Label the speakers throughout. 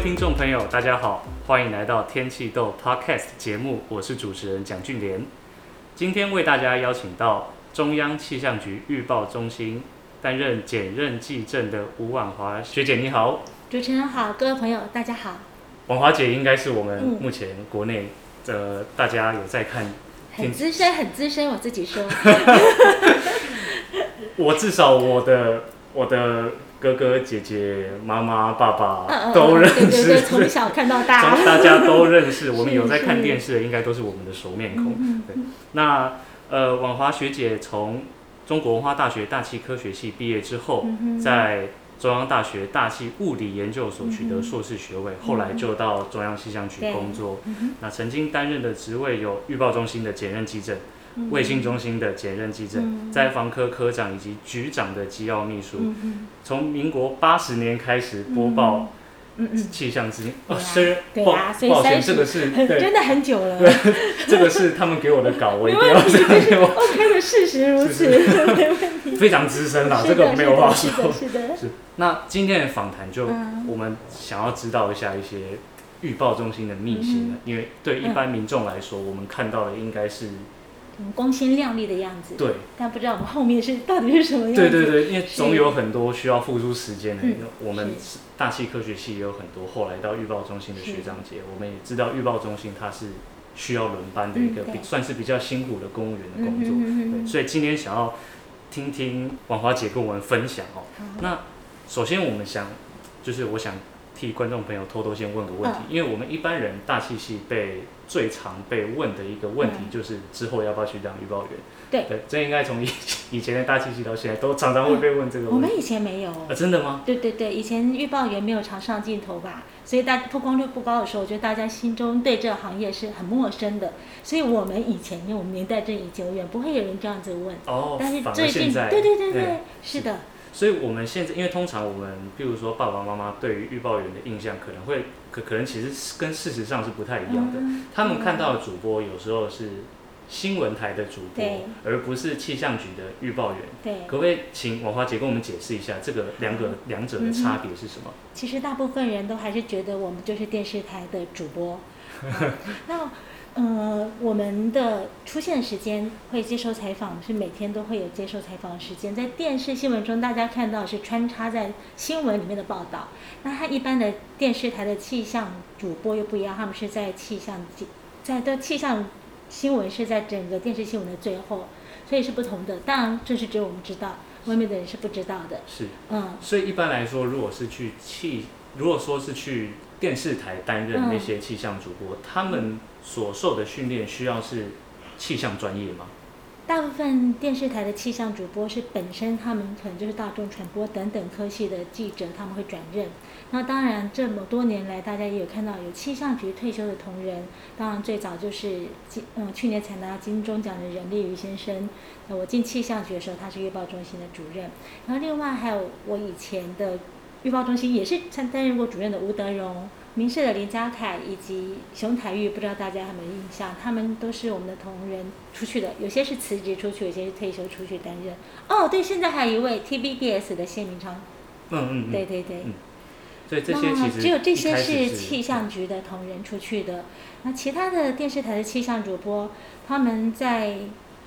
Speaker 1: 各位聽眾朋友，大家好，歡迎來到《天氣豆》Podcast 節目，我是主持人蔣俊蓮。今天為大家邀請到中央氣象局預報中心擔任兼任技正的伍婉華學姐，你好！
Speaker 2: 主持人好，各位朋友大家好。
Speaker 1: 婉華姐應該是我們目前國內的、嗯呃、大家有在看，很
Speaker 2: 資深，很資深，我自己說。
Speaker 1: 我至少我的我的。哥哥姐姐、媽媽爸爸都認識、哦哦對對對，從小看到大，大家都認識。我們有在看電視的，應該都是我們的熟面孔。對那呃，婉華學姐從中國文化大學大氣科學系畢業之後，嗯、在中央大學大氣物理研究所取得碩士學位，嗯、後來就到中央氣象局工作、嗯。那曾經擔任的職位有預報中心的檢驗技正。衛、嗯、星中心的簡任技正、災、嗯、防科科長以及局長的機要秘書，從、嗯嗯、民國八十年開始播報氣、嗯嗯嗯嗯、象資訊。哦，是報報這個是真的很久了。對，這個是他們給我的稿，我一定要。啊、OK，
Speaker 2: 的事實如此，是是
Speaker 1: 非常資深啦、啊，這個沒有話說是是是。是的。是。那今天的訪談，就我們想要知道一下一些預報中心的秘辛了、嗯嗯，因為對一般民眾來說、嗯，我們看到的應該是。
Speaker 2: 嗯、光鮮亮麗的樣子，對，但不知道我們後面是到底是什麼樣子。對對對，
Speaker 1: 因為總有很多需要付出時間的、欸。我們大氣科學系也有很多後來到預報中心的學長姐，我們也知道預報中心它是需要輪班的一個，算是比較辛苦的公務員的工作。嗯、對對，所以今天想要聽聽婉華姐跟我們分享哦、喔。那首先我們想，就是我想替觀眾朋友偷偷先問個問題，嗯、因為我們一般人大氣系被、最常被問的一個問題就是之後要不要去當預報員、嗯對。對，這應該從以以前的大氣系到現在都常常會被問這個問題、嗯。我們
Speaker 2: 以前沒有、哦啊，真的嗎？對對對，以前預報員沒有常上鏡頭吧，所以大家曝光率不高的時候，我覺得大家心中對這個行業是很陌生的。所以我們以前因為我們年代這已久遠，不會有人這樣子
Speaker 1: 問。哦，但是最近反而現在對，對對對對，對對是的。所以，我們現在因為通常我們，比如說爸爸媽媽對於預報員的印象，可能會可可能其實跟事實上是不太一樣的、嗯。他們看到的主播有時候是新聞台的主播，而不是氣象局的預報員。對，可不可以請婉華姐跟我們解釋一下這個兩個、嗯、兩者的差別是什麼？
Speaker 2: 其實大部分人都還是覺得我們就是電視台的主播。那 呃、嗯，我們的出現時間會接受採訪，是每天都會有接受採訪的時間，在電視新聞中，大家看到是穿插在新聞裡面的報道。那他一般的電視台的氣象主播又不一樣，他們是在氣象，在的氣象新聞是在整個電視新聞的最後，所以是不同的。當然，這是只有我們知道，外面的人是不知道的。是，嗯。
Speaker 1: 所以一般來說，如果是去氣，如果說是去電視台擔任那些氣象主播，嗯、他們所受的訓練需要是氣象專業嗎？
Speaker 2: 大部分電視台的氣象主播是本身他們可能就是大眾傳播等等科系的記者，他們會轉任。那當然，這麼多年來大家也有看到有氣象局退休的同仁，當然最早就是嗯、去年才拿到金鐘獎的任立渝先生。那我進氣象局的時候，他是預報中心的主任。然後另外還有我以前的預報中心也是曾擔任過主任的吳德榮。民視的林嘉愷以及熊台玉，不知道大家有沒有印象？他們都是我們的同仁出去的，有些是辭職出去，有些是退休出去擔任。哦，對，現在還有一位 TVBS 的謝明昌。嗯對對
Speaker 1: 對對嗯對對對。那只有這些是氣象
Speaker 2: 局的同仁出去的，那其他的電視台的氣象主播，他們在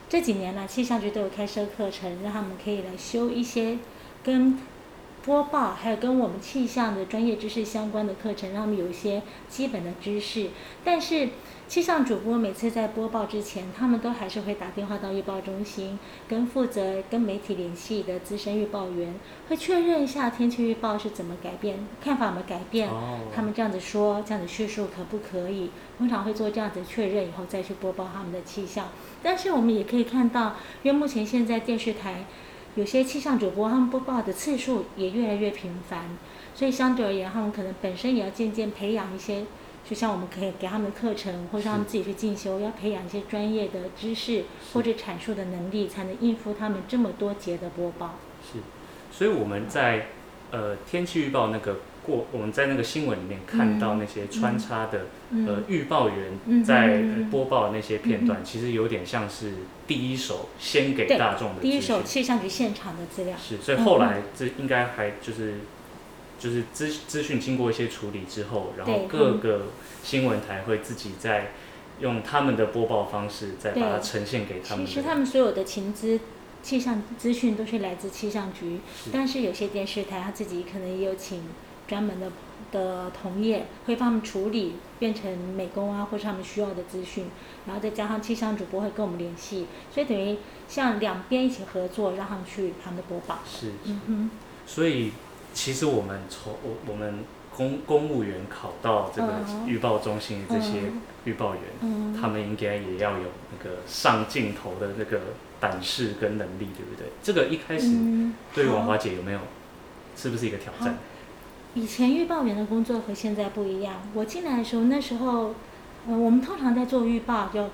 Speaker 2: 這幾年呢，氣象局都有開設課程，讓他們可以來修一些跟。播報還有跟我們氣象的專業知識相關的課程，讓他們有一些基本的知識。但是氣象主播每次在播報之前，他們都還是會打電話到預報中心，跟負責跟媒體聯繫的資深預報員，會確認一下天氣預報是怎麼改變，看法有沒有改變。Oh. 他們這樣子說，這樣子敘述可不可以？通常會做這樣子確認以後再去播報他們的氣象。但是我們也可以看到，因為目前現在電視台。有些氣象主播，他們播報的次數也越來越頻繁，所以相對而言，他們可能本身也要漸漸培養一些，就像我們可以給他們課程，或者讓他們自己去進修，要培養一些專業的知識或者闡述的能力，才能應付他們這麼多節的播報。
Speaker 1: 是，所以我們在，呃，天氣預報那個。過我們在那個新聞裡面看到那些穿插的，嗯嗯、呃預報員在播報的那些片段，嗯嗯，其實有點像是第一手先給大眾的資訊，第一手
Speaker 2: 氣象局現場的資料。是，所以後來
Speaker 1: 這應該還就是就是資資訊經過一些處理之後，然後各個新聞台會自己再用他們的播報方式再把它呈現給他們。其實他
Speaker 2: 們所有的情資氣象資訊都是來自氣象局，是，但是有些電視台他自己可能也有請。專門的的同業會幫他們處理，變成美工啊，或是他們需要的資訊，然後再加上氣象主播會跟我們聯繫，所以等於像兩邊一起合作，讓他們去他們的播報。是，嗯哼。
Speaker 1: 所以其實我們從我我們公公務員考到這個預報中心的這些預報員、嗯嗯，他們應該也要有那個上鏡頭的那個膽識跟能力，對不對？這個一開始對於婉華姐有沒有、嗯，是不是一個挑戰？
Speaker 2: 以前預報員的工作和現在不一樣。我進來的時候，那時候，呃，我們通常在做預報，就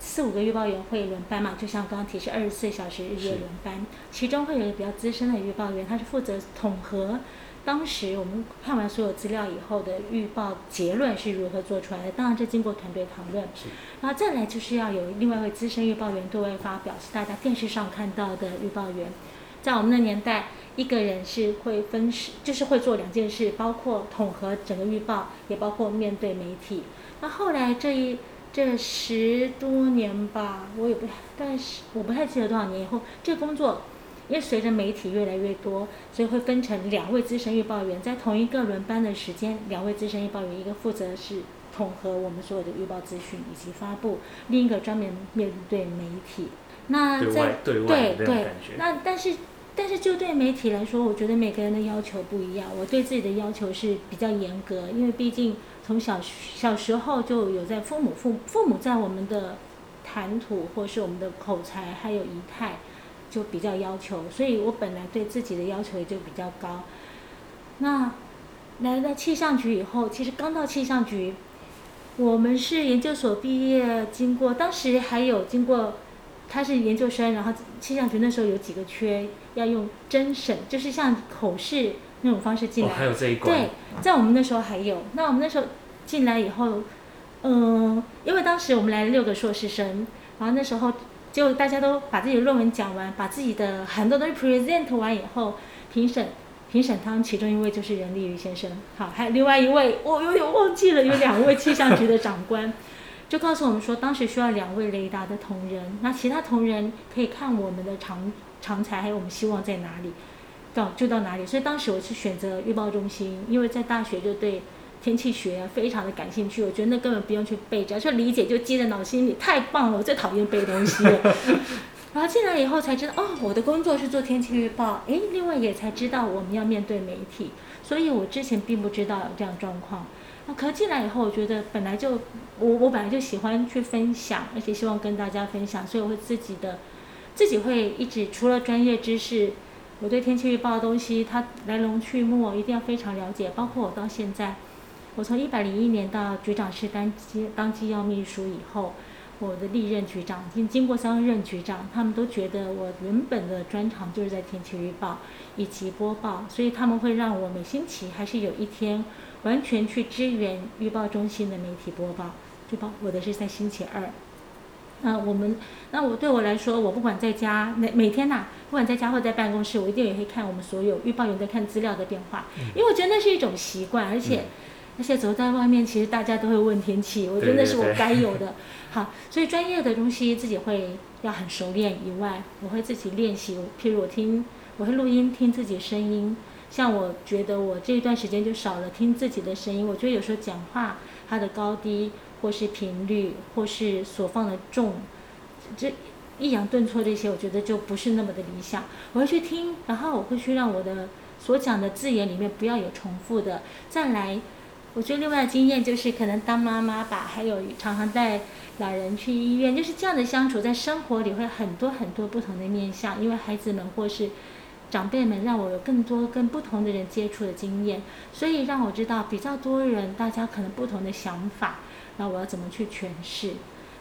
Speaker 2: 四五個預報員會輪班嘛，就像剛剛提示，二十四小時日夜輪班。其中會有一個比較資深的預報員，他是負責統合當時我們看完所有資料以後的預報結論是如何做出來的，當然這經過團隊討論是。然後再來就是要有另外一位資深預報員對外發表，是大家電視上看到的預報員，在我們的年代。一個人是會分，就是會做兩件事，包括統合整個預報，也包括面對媒體。那後來這一這十多年吧，我也不，但是我不太記得多少年以後，這工作因為隨着媒體越來越多，所以會分成兩位資深預報員在同一個輪班的時間，兩位資深預報員，一個負責是統合我們所有的預報資訊以及發布，另一個專門面,面對媒體。那在對外,對外對對,的感覺對，那但是。但是就對媒體來說，我覺得每個人的要求不一樣。我對自己的要求是比較嚴格，因為畢竟從小小時候就有在父母父父母在我們的談吐或是我們的口才還有儀態就比較要求，所以我本來對自己的要求也就比較高。那來到氣象局以後，其實剛到氣象局，我們是研究所畢業，經過當時還有經過。他是研究生，然後氣象局那時候有幾個缺，要用甄審，就是像口試那種方式進來。哦、還有這一關。對，在我們那時候還有。那我們那時候進來以後，嗯、呃，因為當時我們來了六個碩士生，然後那時候就大家都把自己的論文講完，把自己的很多東西 present 完以後，評審，評審他們其中一位就是任立渝先生。好，還有另外一位、哦，我有點忘記了，有兩位氣象局的長官。 就告訴我們說，當時需要兩位雷達的同仁，那其他同仁可以看我們的長、長才，還有我們希望在哪裡，到就到哪裡。所以當時我是選擇預報中心，因為在大學就對天氣學非常的感興趣，我覺得那根本不用去背，只要去理解就記在腦子裡，太棒了！我最討厭背東西了， 然後進來以後才知道，哦，我的工作是做天氣預報，哎，另外也才知道我們要面對媒體，所以我之前並不知道有這樣狀況。那可進來以後，我覺得本來就我我本來就喜歡去分享，而且希望跟大家分享，所以我會自己的，自己會一直除了專業知識，我對天氣預報的東西它來龍去脈我一定要非常了解。包括我到現在，我從一百零一年到局長室當當機要秘書以後，我的歷任局長經經過三任局長，他們都覺得我原本的專長就是在天氣預報以及播報，所以他們會讓我每星期還是有一天。完全去支援預報中心的媒體播報，預報我的是在星期二。那我們，那我對我來說，我不管在家每每天呐、啊，不管在家或在辦公室，我一定也會看我們所有預報員在看資料的變化、嗯，因為我覺得那是一種習慣，而且，嗯、而且走在外面，其實大家都會問天氣，我覺得那是我該有的。對對對。好，所以專業的東西自己會要很熟練以外，我會自己練習，譬如我聽，我會錄音聽自己聲音。像我覺得我這一段時間就少了聽自己的聲音，我覺得有時候講話它的高低或是頻率或是所放的重，這抑揚頓挫這些我覺得就不是那麼的理想。我會去聽，然後我會去讓我的所講的字眼裡面不要有重複的，再來。我覺得另外的經驗就是可能當媽媽吧，還有常常帶老人去醫院，就是這樣的相處，在生活裡會很多很多不同的面向，因為孩子們或是。長輩們讓我有更多跟不同的人接觸的經驗，所以讓我知道比較多人大家可能不同的想法，那我要怎麼去詮釋。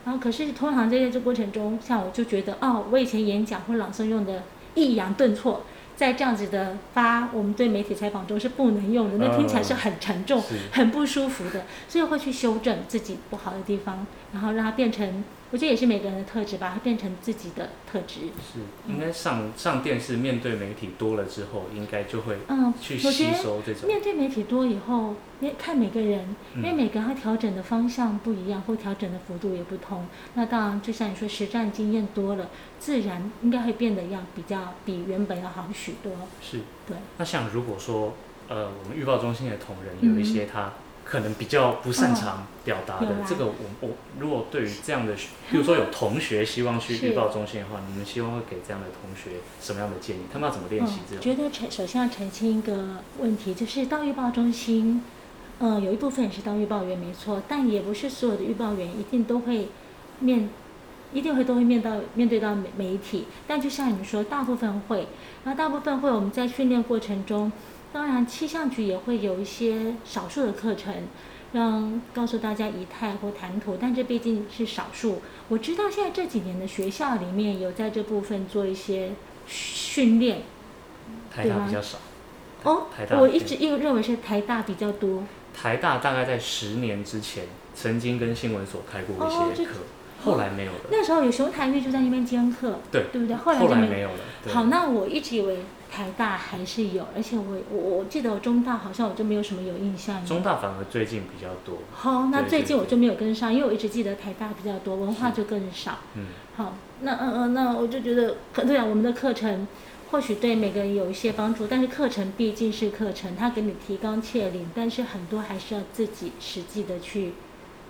Speaker 2: 然後可是通常在這個過程中，像我就覺得哦，我以前演講或朗誦用的抑揚頓挫，在這樣子的發我們對媒體採訪中是不能用的，嗯、那聽起來是很沉重、很不舒服的，所以會去修正自己不好的地方，然後讓它變成我覺得也是每個人的特質，把它變成自己的特質。是，應
Speaker 1: 該上上電視、面對媒體多了之後，應該就會嗯去吸收這種。嗯、面
Speaker 2: 對媒體多以後，你看每個人，因為每個人他調整的方向不一樣，嗯、或調整的幅度也不同。那當然，就像你說實戰經驗多了，自然應該會變得要比較比原本要好許多。是，對。
Speaker 1: 那像如果說呃，我們預報中心的同仁有一些他、嗯。可能比較不擅長表達的，哦，這個我，我我如果對於這樣的，比如說有同學希望去預報中心的話，你們希望會給這樣的同學什麼樣的建議？他們要怎麼練習？這種、嗯？我
Speaker 2: 覺得首先要澄清一個問題，就是到預報中心，呃，有一部分也是當預報員沒錯，但也不是所有的預報員一定都會面，一定會都會面到面對到媒體。但就像你們說，大部分會，那大部分會，我們在訓練過程中，當然，氣象局也會有一些少數的課程，讓告訴大家儀態或談吐，但這畢竟是少數。我知道現在這幾年的學校裡面有在這部分做一些訓練，台大比較
Speaker 1: 少、
Speaker 2: 啊、哦台大，我一直又認為是台大比較多。
Speaker 1: 台大大概在十年之前曾經跟新聞所開過一些課、哦哦，後來沒有了。
Speaker 2: 那時候有熊台玉就在那邊兼課，對對不對？後來就沒，後來沒
Speaker 1: 有了對。好，那
Speaker 2: 我一直以為。台大還是有，而且我我我記得我中大好像我就沒有什麼有印象。中
Speaker 1: 大反而最近比較多？好，那最近我就
Speaker 2: 沒有跟上，對對對，因為我一直記得台大比較多，文化就更少。嗯。好，那嗯嗯、呃，那我就覺得對啊，我們的課程或許對每個人有一些幫助，但是課程畢竟是課程，它給你提綱挈領，但是很多還是要自己實際的去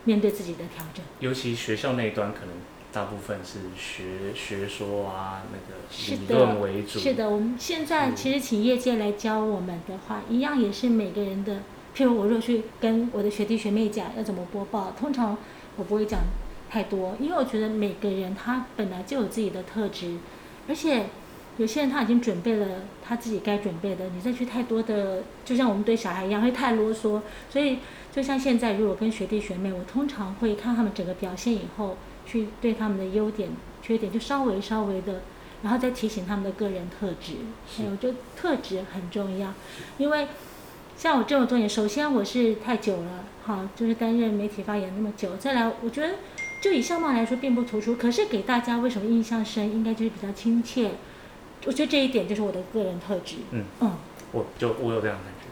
Speaker 2: 面對自己的調整。
Speaker 1: 尤其學校那一端可能。大部分是學學說啊，那個理論為主。是的，是的，
Speaker 2: 我們現在其實請業界來教我們的話，嗯、一樣也是每個人的。譬如我若去跟我的學弟學妹講要怎麼播報，通常我不會講太多，因為我覺得每個人他本來就有自己的特質，而且有些人他已經準備了他自己該準備的，你再去太多的，就像我們對小孩一樣，會太囉嗦。所以就像現在，如果跟學弟學妹，我通常會看他們整個表現以後。去對他們的優點、缺點就稍微稍微的，然後再提醒他們的個人特質。哎、嗯，我覺得特質很重要，因為像我這麼多年，首先我是太久了，好，就是擔任媒體發言那麼久。再來，我覺得就以相貌來說並不突出，可是給大家為什麼印象深？應該就是比較親切。我覺得這一點就是我的個人特質。嗯嗯，
Speaker 1: 我就我有這樣。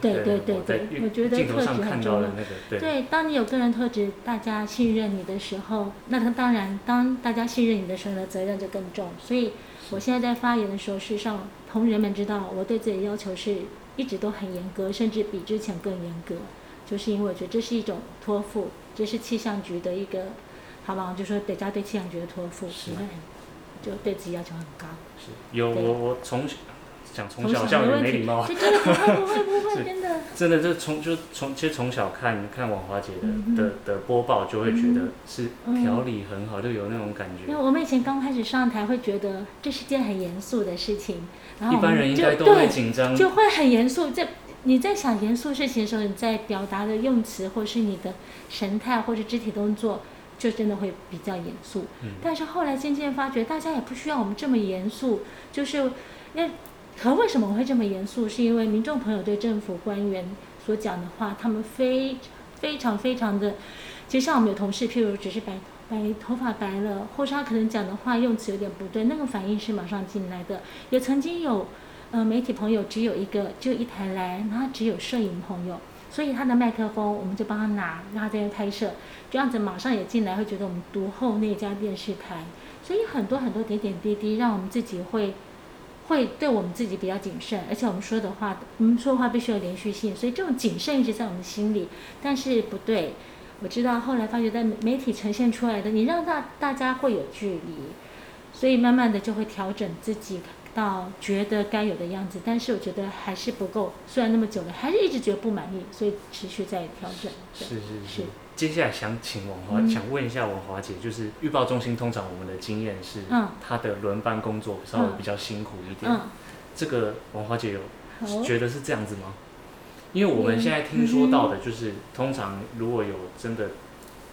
Speaker 1: 對對對,對,對,對,對我覺得特質很重要、那個對。對，
Speaker 2: 當你有個人特質，大家信任你的時候，那他當然，當大家信任你的時候，呢，責任就更重。所以我現在在發言的時候，事實上，同仁們知道，我對自己的要求是一直都很嚴格，甚至比之前更嚴格，就是因為我覺得這是一種托付，這是氣象局的一個，好吧，就說大家對氣象局的托付，是對就對自己要求很高。是，有我
Speaker 1: 我從想從小教育沒禮貌，真的 不會不會真的真的就從就從，其實從小看看婉華姐的的的播報嗯嗯，就會覺得是條理很好，嗯，就有那種感覺。因為
Speaker 2: 我們以前剛開始上台，會覺得這是件很嚴肅的事情，然後就一般人應該都會緊張，就會很嚴肅。在你在想嚴肅事情的時候，你在表達的用詞，或是你的神態，或是肢體動作，就真的會比較嚴肅，嗯。但是後來漸漸發覺，大家也不需要我們這麼嚴肅，就是因為。可為什麼我會這麼嚴肅？是因為民眾朋友對政府官員所講的話，他們非非常非常的，就像我們有同事，譬如只是白白頭髮白了，或者他可能講的話用詞有點不對，那個反應是馬上進來的。也曾經有，呃，媒體朋友只有一個，就一台來，然後只有攝影朋友，所以他的麥克風我們就幫他拿，讓他在那拍攝，這樣子馬上也進來，會覺得我們獨厚那家電視台。所以很多很多點點滴滴，讓我們自己會。會對我們自己比較謹慎，而且我們說的話，我們說的話必須有連續性，所以這種謹慎一直在我們心裡。但是不對，我知道後來發覺在媒體呈現出來的，你讓大大家會有距離，所以慢慢的就會調整自己到覺得該有的樣子。但是我覺得還是不夠，雖然那麼久了，還是一直覺得不滿意，所以持續在調整。對，是
Speaker 1: 是是。是是是。接下來想請婉華、嗯，想問一下婉華姐，就是預報中心通常我們的經驗是，他的輪班工作稍微比較辛苦一點，這個婉華姐有覺得是這樣子嗎？因為我們現在聽說到的就是，通常如果有真的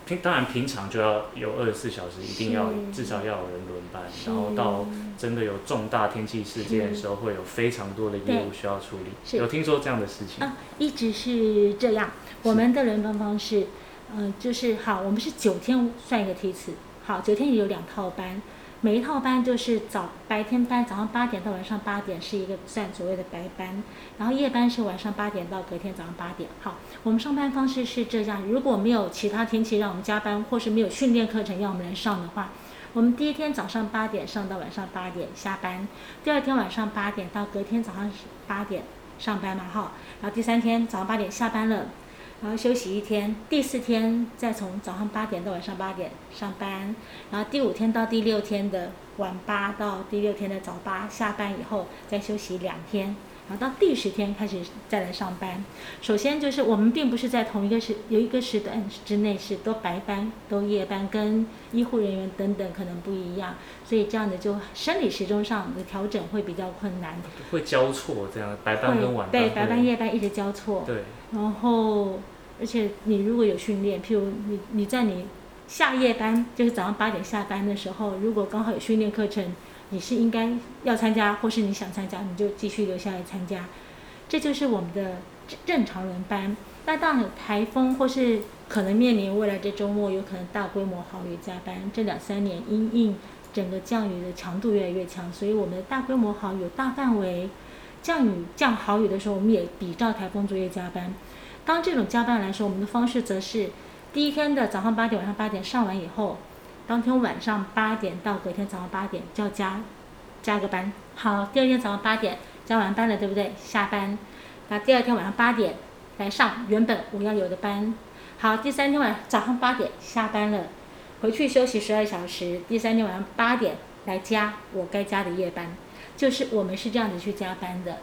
Speaker 1: 平當然平常就要有二十四小時，一定要至少要有人輪班，然後到真的有重大天氣事件的時候，會有非常多的業務需要處理，有聽說這樣的事情啊？
Speaker 2: 一直是這樣，我們的輪班方式。嗯，就是好，我們是九天算一個梯次，好，九天也有兩套班，每一套班就是早白天班，早上八點到晚上八點是一個算所謂的白班，然後夜班是晚上八點到隔天早上八點，好，我們上班方式是這樣，如果沒有其他天氣讓我們加班，或是沒有訓練課程要我們來上的話，我們第一天早上八點上到晚上八點下班，第二天晚上八點到隔天早上八點上班嘛，好，然後第三天早上八點下班了。然後休息一天，第四天再從早上八點到晚上八點上班，然後第五天到第六天的晚八到第六天的早八下班以後再休息兩天。好，到第十天開始再來上班。首先就是我們並不是在同一個時有一個時段之內是都白班都夜班，跟醫護人員等等可能不一樣，所以這樣的就生理時鐘上的調整會比較困難。
Speaker 1: 會交錯這樣，白班跟晚班、嗯。對，白班夜
Speaker 2: 班一直交錯。對。然後，而且你如果有訓練，譬如你你在你下夜班，就是早上八點下班的時候，如果剛好有訓練課程，你是應該要參加，或是你想參加，你就繼續留下來參加。這就是我們的正正常輪班。那當然台風或是可能面臨未來這週末有可能大規模豪雨加班，這兩三年因應整個降雨的強度越來越強，所以我們的大規模豪雨、大範圍降雨、降豪雨的時候，我們也比照台風作業加班。當這種加班來說，我們的方式則是第一天的早上八點、晚上八點上完以後。當天晚上八點到隔天早上八點就要加，加個班。好，第二天早上八點加完班了，對不對？下班，那第二天晚上八點來上原本我要有的班。好，第三天晚早上八點下班了，回去休息十二小時。第三天晚上八點來加我該加的夜班，就是我們是這樣子去加班的。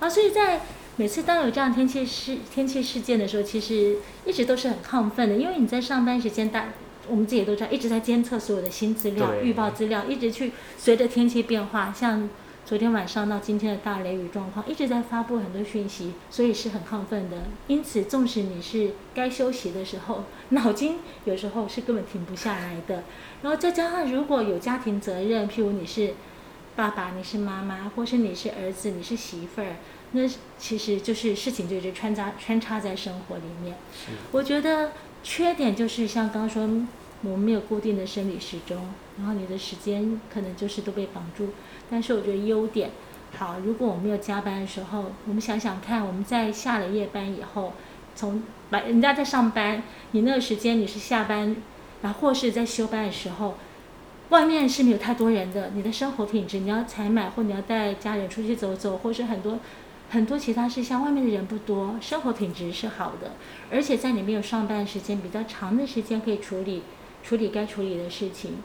Speaker 2: 啊、哦，所以在每次當有這樣的天氣事天氣事件的時候，其實一直都是很亢奮的，因為你在上班時間大。我們自己都知道，一直在監測所有的新資料、預報資料，一直去隨着天氣變化。像昨天晚上到今天的大雷雨狀況，一直在發布很多訊息，所以是很亢奮的。因此，縱使你是該休息的時候，腦筋有時候是根本停不下來的。然後再加上如果有家庭責任，譬如，你是爸爸，你是媽媽，或是你是兒子，你是媳婦兒，那其實就是事情就是穿插、穿插在生活裡面。是我覺得。缺點就是像剛剛說，我們沒有固定的生理時鐘，然後你的時間可能就是都被綁住。但是我覺得優點，好，如果我們沒有加班的時候，我們想想看，我們在下了夜班以後，從人家在上班，你那個時間你是下班，然後或是在休班的時候，外面是沒有太多人的，你的生活品質，你要採買或你要帶家人出去走走，或是很多。很多其他事項，外面的人不多，生活品質是好的，而且在你沒有上班時間比較長的時間可以處理處理該處理的事情。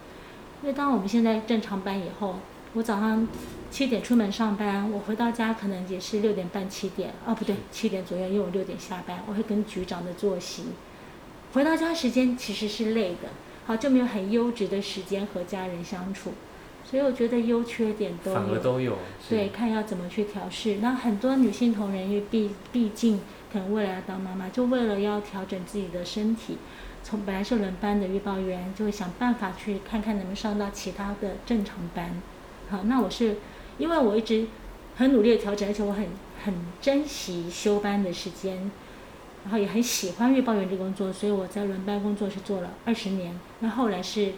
Speaker 2: 因為當我們現在正常班以後，我早上七點出門上班，我回到家可能也是六點半七點，哦不對，七點左右，因為我六點下班。我會跟局長的作息，回到家時間其實是累的，好，就沒有很優質的時間和家人相處。所以我覺得優缺點都有，反而都有，對，看要怎麼去調試。那很多女性同仁，因為畢畢竟可能未來要當媽媽，就為了要調整自己的身體，從本來是輪班的預報員，就會想辦法去看看能不能上到其他的正常班。好，那我是因為我一直很努力的調整，而且我很很珍惜休班的時間，然後也很喜歡預報員這個工作，所以我在輪班工作是做了二十年。那後來是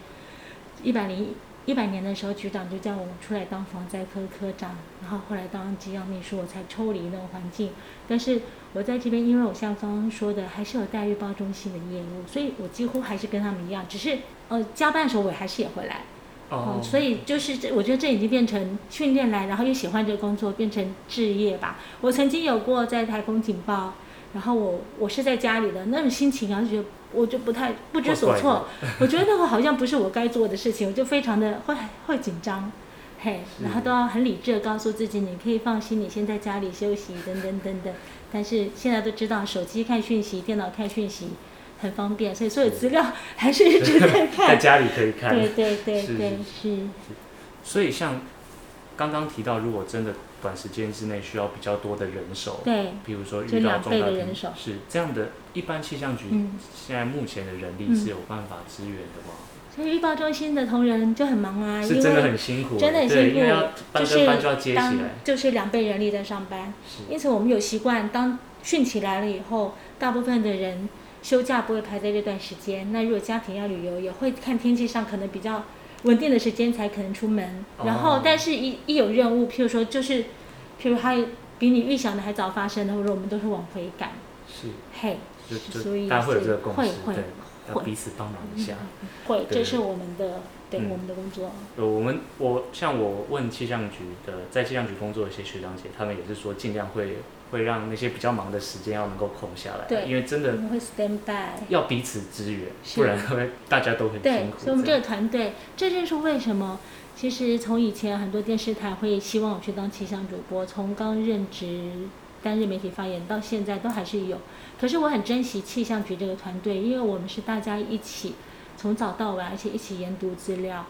Speaker 2: 一百零一百年的時候，局長就叫我們出來當防災科科長，然後後來當機要秘書，我才抽離那個環境。但是我在這邊，因為我像剛剛說的，還是有帶預報中心的業務，所以我幾乎還是跟他們一樣，只是呃，加班的時候我還是也會來。哦、
Speaker 1: oh. 呃，所
Speaker 2: 以就是這，我覺得這已經變成訓練來，然後又喜歡這個工作，變成志業吧。我曾經有過在颱風警報，然後我我是在家裡的那種心情然後就覺得。我就不太不知所措， 我覺得那個好像不是我該做的事情，我就非常的會會緊張，嘿、hey，然後都要很理智的告訴自己，你可以放心，你先在家裡休息，等等等等。但是現在都知道，手機看訊息，電腦看訊息，很方便，所以所有資料還是一直在看，在家裡可以看，對對對對是。
Speaker 1: 是是所以像剛剛提到，如果真的。短時間之內需要比較多的人手，對，比如說遇到重大、就是、兩倍的人手是這樣的，一般氣象局現在目前的人力是有辦法支援的嗎？嗯嗯，
Speaker 2: 所以預報中心的同仁就很忙啊，因為是真的很辛苦，欸，真的很辛苦，對，對，因為要班跟班就要接起來，就是兩，就是、倍人力在上班。是，因此我們有習慣，當汛期來了以後，大部分的人休假不會排在這段時間。那如果家庭要旅遊，也會看天氣上可能比較。穩定的時間才可能出門，然後但是一一有任務，譬如說就是，譬如他比你預想的還早發生的，或者我們都是往回趕，
Speaker 1: 是，
Speaker 2: 嘿，所以大家會有這個共識，會會，要彼此幫忙一下，會，這是我們的對、嗯、我們的工作。
Speaker 1: 我們我像我問氣象局的，在氣象局工作的一些學長姐，他們也是說盡量會。會讓那些比較忙的時間要能夠空下來，對，因為真的我們會
Speaker 2: stand by，
Speaker 1: 要彼此支援，支援，不然大家都很辛苦對。所以，我們這
Speaker 2: 個團隊，這就是為什麼，其實從以前很多電視台會希望我去當氣象主播，從剛任職擔任媒體發言到現在都還是有。可是我很珍惜氣象局這個團隊，因為我們是大家一起從早到晚，而且一起研讀資料。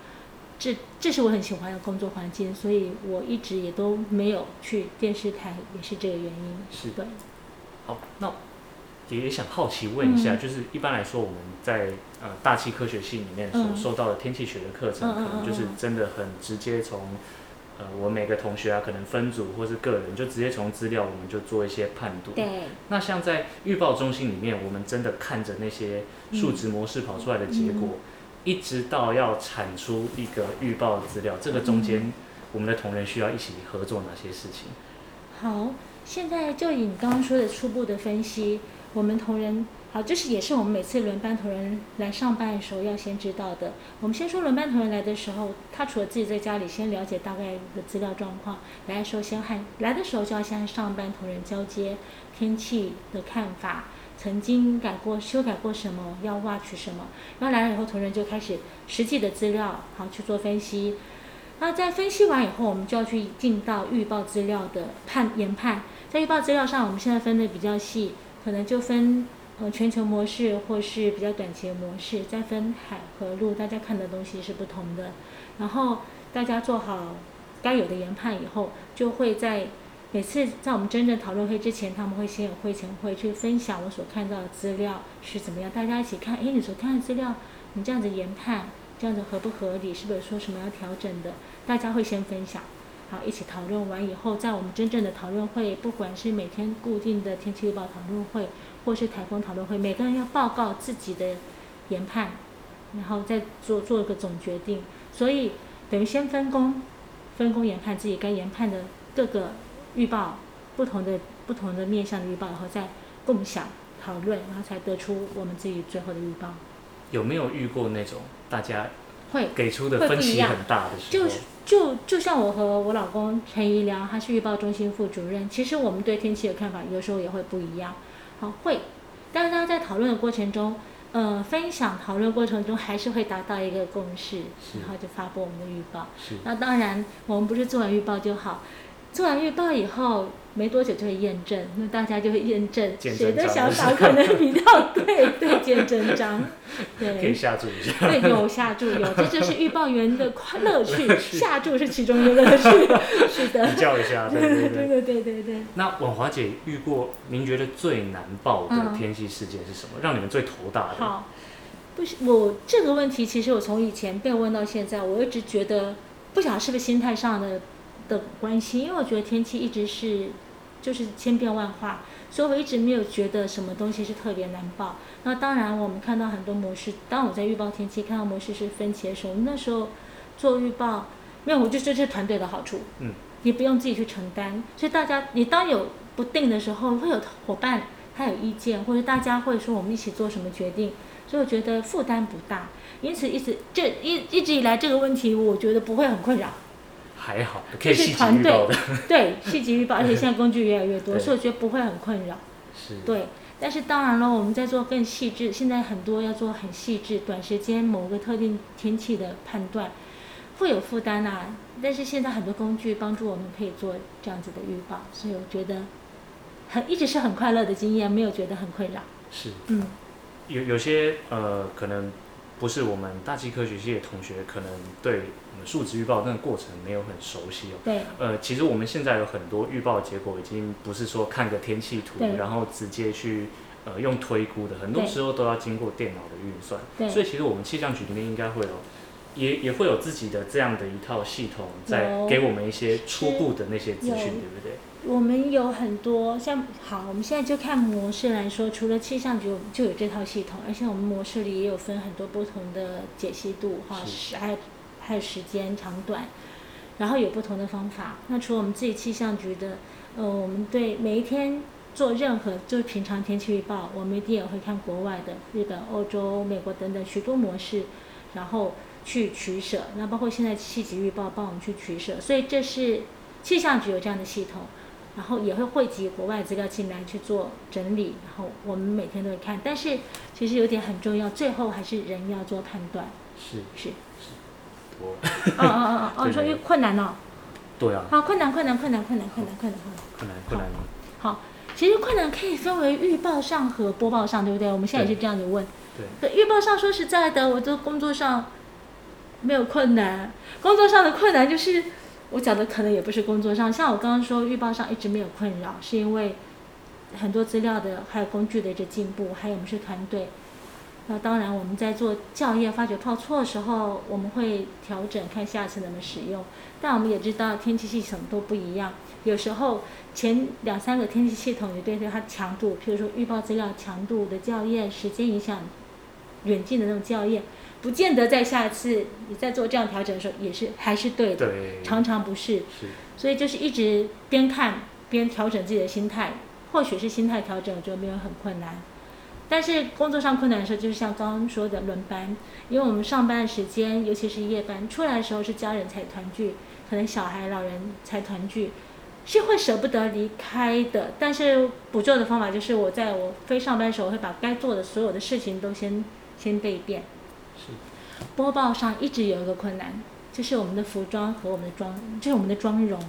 Speaker 2: 這這是我很喜歡的工作環境，所以我一直也都沒有去電視台，也是這個原因。是的。
Speaker 1: 好，那、No. 也想好奇問一下、嗯，就是一般來說我們在呃大氣科學系裡面所受到的天氣學的課程、嗯，可能就是真的很直接從呃我每個同學啊，可能分組或是個人就直接從資料我們就做一些判斷。對。那像在預報中心裡面，我們真的看着那些數值模式跑出來的結果。嗯嗯一直到要產出一個預報資料，這個中間我們的同仁需要一起合作哪些事情？
Speaker 2: 好，現在就以你剛剛說的初步的分析，我們同仁好，就是也是我們每次輪班同仁來上班的時候要先知道的。我們先說輪班同仁來的時候，他除了自己在家裡先了解大概的資料狀況，來的時候先看，來的時候就要先和上班同仁交接天氣的看法。曾經改過、修改過什麼？要挖取什麼？然後來了以後，同仁就開始實際的資料好去做分析。那在分析完以後，我們就要去進到預報資料的判研判。在預報資料上，我們現在分得比較細，可能就分呃全球模式或是比較短期的模式，再分海和陸，大家看的東西是不同的。然後大家做好該有的研判以後，就會在。每次在我們真正討論會之前，他們會先有會前會，去分享我所看到的資料是怎麼樣，大家一起看。誒，你所看的資料，你這樣子研判，這樣子合不合理？是不是說什麼要調整的？大家會先分享，好，一起討論完以後，在我們真正的討論會，不管是每天固定的天氣預報討論會，或是台風討論會，每個人要報告自己的研判，然後再做做一個總決定。所以等於先分工，分工研判自己該研判的各個。預報不同的不同的面向的預報，然後再共享討論，然後才得出我們自己最後的預報。
Speaker 1: 有沒有遇過那種大家會給出的分歧很大的時候？
Speaker 2: 就就就像我和我老公陳怡良，他是預報中心副主任，其實我們對天氣的看法有時候也會不一樣。好，會，但是大家在討論的過程中，呃，分享討論過程中還是會達到一個共識，然後就發布我們的預報。是。那當然，我們不是做完預報就好。做完預報以後，沒多久就會驗證，那大家就會驗證誰的想法可能比較 對，對，見真章，對。可以
Speaker 1: 下注一下。對，有
Speaker 2: 下注有，這就是預報員的快樂趣， 下注是其中一個樂趣，是的。比 較一下，對對 對對對對
Speaker 1: 對。那婉華姐遇過，您覺得最難報的天氣事件是什麼？嗯，讓你們最頭大的？
Speaker 2: 好，不，我這個問題其實我從以前被問到現在，我一直覺得，不曉得是不是心態上的。的關係，因為我覺得天氣一直是就是千變萬化，所以我一直沒有覺得什麼東西是特別難報。那當然，我們看到很多模式，當我在預報天氣看到模式是分歧的時候，那時候做預報沒有，我就說這、是就是團隊的好處，嗯，你不用自己去承擔。所以大家，你當有不定的時候，會有夥伴他有意見，或者大家會說我們一起做什麼決定。所以我覺得負擔不大，因此一直這一一直以來這個問題，我覺得不會很困擾。
Speaker 1: 還好，可以細緻預報的，就是、
Speaker 2: 對，細緻預報，而且現在工具越來越多、嗯，所以我覺得不會很困擾。
Speaker 1: 是，對。
Speaker 2: 但是當然了，我們在做更細緻，現在很多要做很細緻、短時間某個特定天氣的判斷，會有負擔啊。但是現在很多工具幫助我們，可以做這樣子的預報，所以我覺得很一直是很快樂的經驗，沒有覺得很困擾。
Speaker 1: 是，嗯，有有些呃，可能。不是我們大氣科學系的同學，可能對我們數值預報那個過程沒有很熟悉哦，對。呃，其實我們現在有很多預報結果已經不是說看個天氣圖，然後直接去呃用推估的，很多時候都要經過電腦的運算。所以其實我們氣象局裡面應該會有，也也會有自己的這樣的一套系統，在給我們一些初步的那些資訊，對不對？
Speaker 2: 我們有很多像，好，我們現在就看模式來說，除了氣象局就有，就有這套系統，而且我們模式裡也有分很多不同的解析度，哈，還有還有時間長短，然後有不同的方法。那除了我們自己氣象局的，呃、嗯，我們對每一天做任何就平常天氣預報，我們一定也會看國外的日本、歐洲、美國等等許多模式，然後去取舍。那包括現在系集預報幫我們去取舍，所以這是氣象局有這樣的系統。然後也會匯集國外資料進來去做整理，然後我們每天都會看。但是其實有點很重要，最後還是人要做判斷。是
Speaker 1: 是是，我哦哦哦哦，啊、哦哦哦那個！你說有困難哦，對啊。好，困
Speaker 2: 難困難困難困難困難困難困難困
Speaker 1: 難困難。
Speaker 2: 好，其實困難可以分為預報上和播報上，對不對？我們現在也是這樣子問。對。對預報上，說實在的，我這工作上沒有困難。工作上的困難就是。我講的可能也不是工作上，像我剛剛說，預報上一直沒有困擾，是因為很多資料的還有工具的一個進步，還有我們是團隊。那當然我們在做校驗、發覺、報錯的時候，我們會調整看下次怎麼使用。但我們也知道天氣系統都不一樣，有時候前兩三個天氣系統，也對它強度，譬如說，預報資料強度的校驗時間影響遠近的那種校驗。不見得在下次你再做這樣調整的時候也是還是對的，對，常常不是，是，所以就是一直邊看邊調整自己的心態，或許是心態調整就沒有很困難，但是工作上困難的時候就是像剛剛說的輪班，因為我們上班的時間尤其是夜班出來的時候是家人才團聚，可能小孩老人才團聚，是會捨不得離開的，但是補救的方法就是我在我非上班的時候，我會把該做的所有的事情都先先背一遍。播報上一直有一個困難，就是我們的服裝和我們的妝，就是我們的妝容，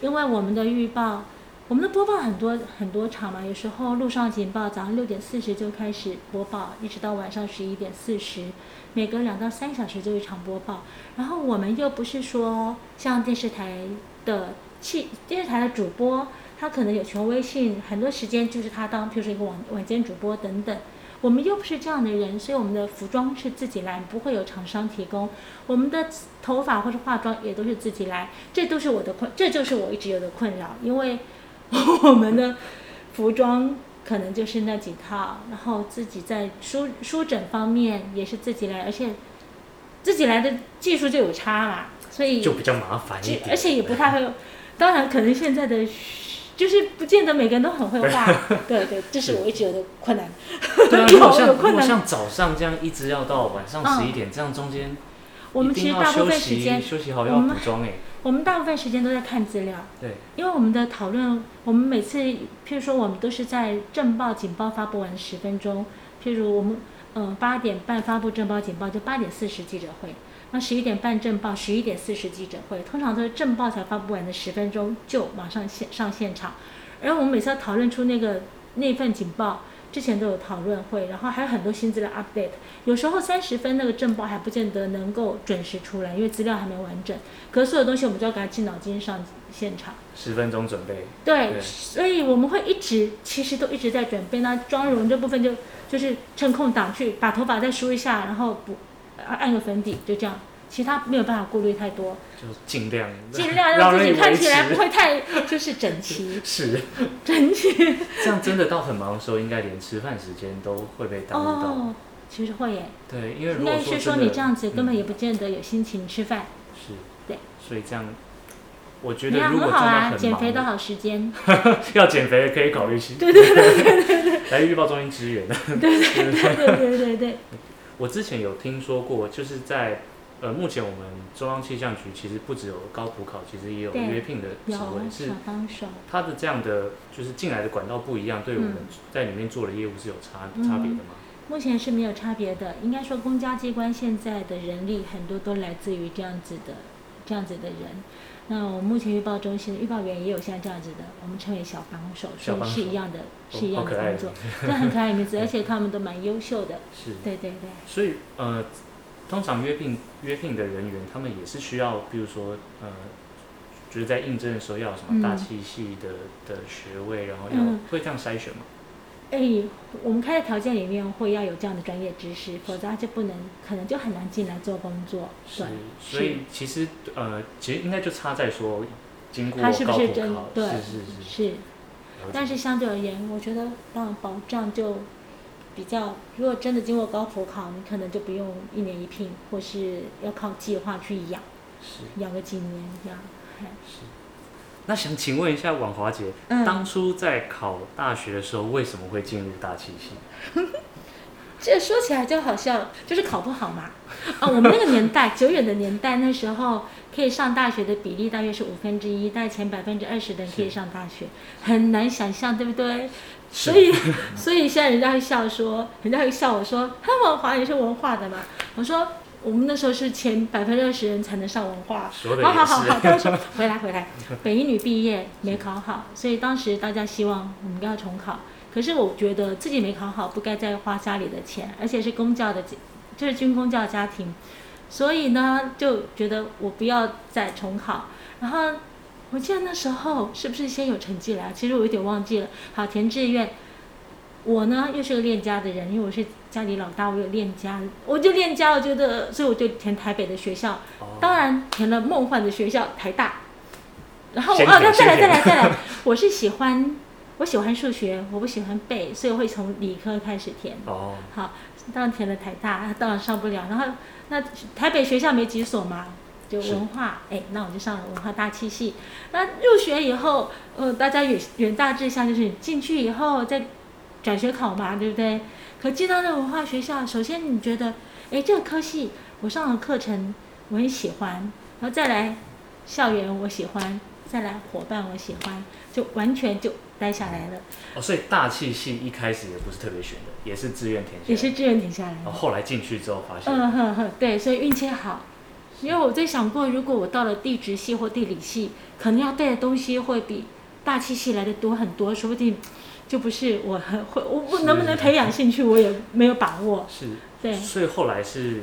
Speaker 2: 因為我們的預報，我們的播報很多很多場嘛，有時候陸上警報早上六點四十就開始播報，一直到晚上十一點四十，每隔兩到三小時就一場播報，然後我們又不是說像電視台的氣，電視台的主播，他可能有權威性，很多時間就是他當譬如說一個晚晚間主播等等。我們又不是這樣的人，所以我們的服裝是自己來，不會有廠商提供。我們的頭髮或者化妝也都是自己來，這都是我的困，這就是我一直有的困擾。因為我們的服裝可能就是那幾套，然後自己在梳梳整方面也是自己來，而且自己來的技術就有差嘛，所以就比較
Speaker 1: 麻煩一點，而且
Speaker 2: 也不太會，嗯，當然可能現在的。就是不見得每個人都很會畫， 對對，這、就是我一直有的困難。
Speaker 1: 對， 對啊，好像 有困難，如果像早上這樣一直要到晚上十一點，哦，這樣中間我們其實大部分時間休息好要補妝哎，
Speaker 2: 我們大部分時間都在看資料。對，因為我們的討論，我們每次譬如說，我們都是在正報警報發布完十分鐘，譬如我們嗯呃、八點半發布正報警報，就八點四十記者會。那十一點半正報，十一點四十記者會，通常都是正報才發布完的十分鐘，就馬上現上現場。而我們每次要討論出那個那份警報，之前都有討論會，然後還有很多新資料 update。有時候三十分那個正報還不見得能夠準時出來，因為資料還沒完整。可是所有東西我們都要給他進腦筋上現場。
Speaker 1: 十分鐘準備對。對，所
Speaker 2: 以我們會一直其實都一直在準備。那妝容這部分就就是趁空檔去把頭髮再梳一下，然後補。按個粉底就這樣，其他沒有辦法顧慮太多，就
Speaker 1: 盡量盡量讓自己看起來不會
Speaker 2: 太就是整齊，
Speaker 1: 是整齊。這樣真的到很忙的時候，應該連吃飯時間都會被耽
Speaker 2: 誤到，其實會耶。
Speaker 1: 對，因為應該是說你這樣子根本
Speaker 2: 也不見得有心情吃飯。
Speaker 1: 嗯，是對，所以這樣我覺得如果，啊，真的很忙的話，減肥
Speaker 2: 多好，時 間
Speaker 1: 要減肥可以考慮去，對對對對對，對， 來預報中心支援，對對對對對對。 對對對對對對我之前有聽說過，就是在呃，目前我們中央氣象局其實不只有高普考，其實也有約聘的職位，是他的這樣的，就是進來的管道不一樣，對，我們在裡面做的業務是有差、嗯、差別的嗎？
Speaker 2: 目前是沒有差別的，應該說公家機關現在的人力很多都來自於這樣子的，這樣子的人。那我們目前預報中心的預報員也有像這樣子的，我們稱為小幫手，都是一樣的、哦，是一樣的工作的，但很可愛的名字，而且他們都蠻優秀的，是，對對對。
Speaker 1: 所以呃，通常約聘約聘的人員，他們也是需要，比如說呃，就是在應徵的時候要有什麼大氣系的、嗯、的學位，然後要、嗯、會這樣篩選嗎？
Speaker 2: 哎、欸，我們開的條件裡面會要有這樣的專業知識，否則他就不能，可能就很難進來做工作。
Speaker 1: 對是，所以其實呃，其實應該就差在說，經過高普考。他是不是真？對，是是是，是。但是
Speaker 2: 相對而言，我覺得讓保障就比較，如果真的經過高普考，你可能就不用一年一聘，或是要靠計劃去養。
Speaker 1: 是。
Speaker 2: 養個幾年這樣、嗯。是。
Speaker 1: 那想請問一下，婉華姐，當初在考大學的時候，為什麼會進入大氣系、嗯？
Speaker 2: 這說起來就好笑，就是考不好嘛。啊、哦，我們那個年代， 久遠的年代，那時候可以上大學的比例大約是五分之一，但前百分之二十的人可以上大學，很難想象，對不對？所以，所以現在人家會笑說，人家會笑我說，他婉華也是文化的嘛。我說。我們那時候是前百分之二十人才能上文化，好好好好，到時候回來回來，北一女畢業沒考好，所以當時大家希望我們不要重考。可是我覺得自己沒考好，不該再花家裡的錢，而且是公教的，就是軍公教家庭，所以呢就覺得我不要再重考。然後我記得那時候是不是先有成績來啊？其實我有點忘記了。好，填志願。我呢，又是個戀家的人，因為我是家裡老大，我有戀家，我就戀家，我覺得，所以我就填台北的學校，哦、當然填了夢幻的學校台大，然後我哦，那再來再來再來，再來 我是喜歡，我喜歡數學，我不喜歡背，所以我會從理科開始填，哦，好，當然填了台大，當然上不了，然後那台北學校沒幾所嘛，就文化，哎，那我就上了文化大氣系，那入學以後，呃，大家遠遠大志向就是進去以後再。轉學考嘛，對不對？可進到那文化學校，首先你覺得，哎、欸，這個科系我上的課程我很喜歡，然後再來，校園我喜歡，再來伙伴我喜歡，就完全就待下來了。
Speaker 1: 哦，所以大氣系一開始也不是特別選的，也是自願填下來。也是
Speaker 2: 自願填下來的。哦，後，後
Speaker 1: 來進去之後發現嗯。嗯
Speaker 2: 哼，對，所以運氣好，因為我在想過，如果我到了地質系或地理系，可能要帶的東西會比大氣系來得多很多，說不定。就不是我會，我不能不能培養興趣，我也沒有把握。是，對。
Speaker 1: 所以後來是，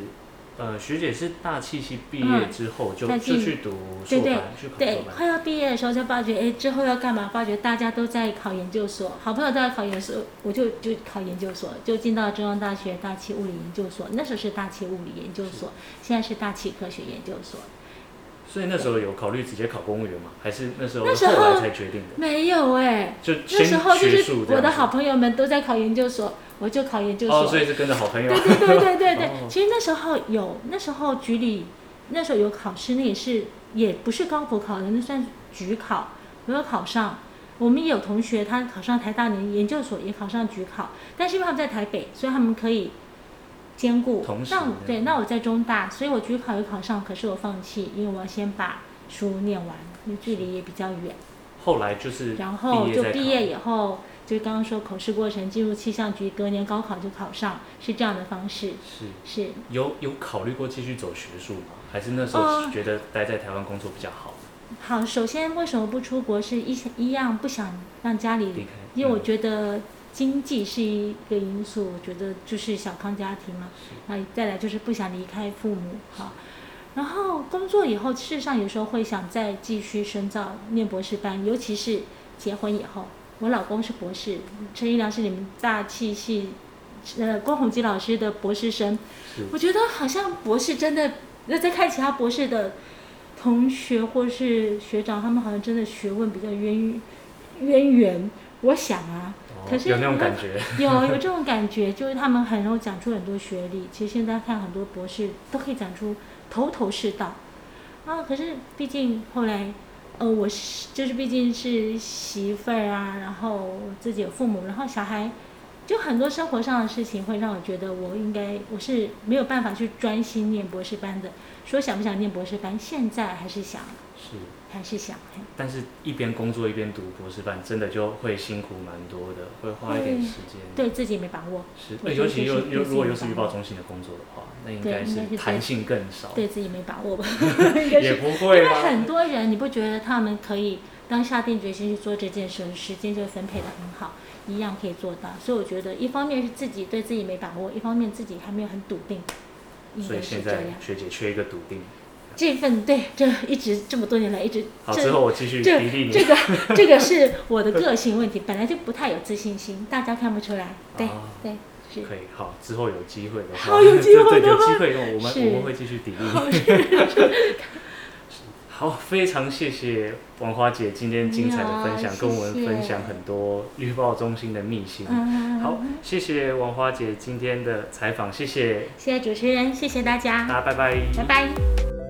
Speaker 1: 呃，學姐是大氣系畢業之後就出、嗯、去讀碩班，對對，去考碩班對，快
Speaker 2: 要畢業的時候就發覺，哎，之後要幹嘛？發覺大家都在考研究所，好朋友都在考研所，我就就考研究所，就進到中央大學大氣物理研究所。那時候是大氣物理研究所，現在是大氣科學研究所。
Speaker 1: 所以那時候有考慮直接考公務員嗎？還是那時候後來才決定的？沒有哎、欸，就那時候就是我的好
Speaker 2: 朋友們都在考研究所，我就考研究所。哦，所以是跟
Speaker 1: 着好朋友。對對對對對對，對、哦，其實
Speaker 2: 那時候有，那時候局裡那時候有考試，那也是也不是高普考的，那算局考，沒有考上。我們也有同學他考上台大研研究所，也考上局考，但是因為他們在台北，所以他們可以。兼顧。同時。對，那我在中大，所以我初考又考上，可是我放棄，因為我要先把書念完，因為距離也比較遠。
Speaker 1: 後來就是。然後就畢業
Speaker 2: 以後，就剛剛說口試過程，進入氣象局，隔年高考就考上，是這樣的方式。是。是。
Speaker 1: 有有考慮過繼續走學術嗎？還是那時候覺得待在台灣工作比較好？
Speaker 2: 哦、好，首先為什麼不出國？是一一樣不想讓家裡，離開、嗯，因為我覺得。經濟是一個因素，我覺得就是小康家庭嘛。那再來就是不想離開父母好，然後工作以後，事實上有時候會想再繼續深造，念博士班，尤其是結婚以後。我老公是博士，陳一良是你們大氣系，呃，郭宏基老師的博士生。我覺得好像博士真的，那在看其他博士的同學或是學長，他們好像真的學問比較淵淵源。我想啊。可是有那種感覺，嗯、有有這種感覺，就是他們很容易講出很多學歷。其實現在看很多博士都可以講出頭頭是道啊。可是畢竟後來，呃，我是就是畢竟是媳婦兒啊，然後自己有父母，然後小孩。就很多生活上的事情會讓我覺得我應該我是沒有辦法去專心念博士班的。說想不想念博士班？現在還是想，是還是想。嗯，
Speaker 1: 但是，一邊工作一邊讀博士班，真的就會辛苦蠻多的，會花一點時間。嗯，對自己也沒把握。是，尤其又又如果又是預報中心的工作的話，那應該是彈性更少。對，對自己沒把握吧？呵呵也不會吧，因為很多
Speaker 2: 人，你不覺得他們可以？剛下定決心去做這件事，時間就分配得很好，一樣可以做到。所以我覺得，一方面是自己對自己沒把握，一方面自己還沒有很篤定，應該是這樣。所以現在
Speaker 1: 學姐缺一個篤定。
Speaker 2: 這份對，這一直這麼多年來一直。好，之後我繼續砥礪你。這個、這個、這個是我的個性問題，本來就不太有自信心，大家看不出來。對、哦、對是，
Speaker 1: 可以。好，之後有機會的話，哦、有機會的話， 有機會的話我們我們會繼續砥礪。哦 好，非常謝謝婉華姐今天精彩的分享，哎、謝謝跟我們分享很多預報中心的秘辛、嗯。好，謝謝婉華姐今天的採訪，謝謝。
Speaker 2: 謝謝主持人，謝謝大家。
Speaker 1: 大家拜拜，拜
Speaker 2: 拜。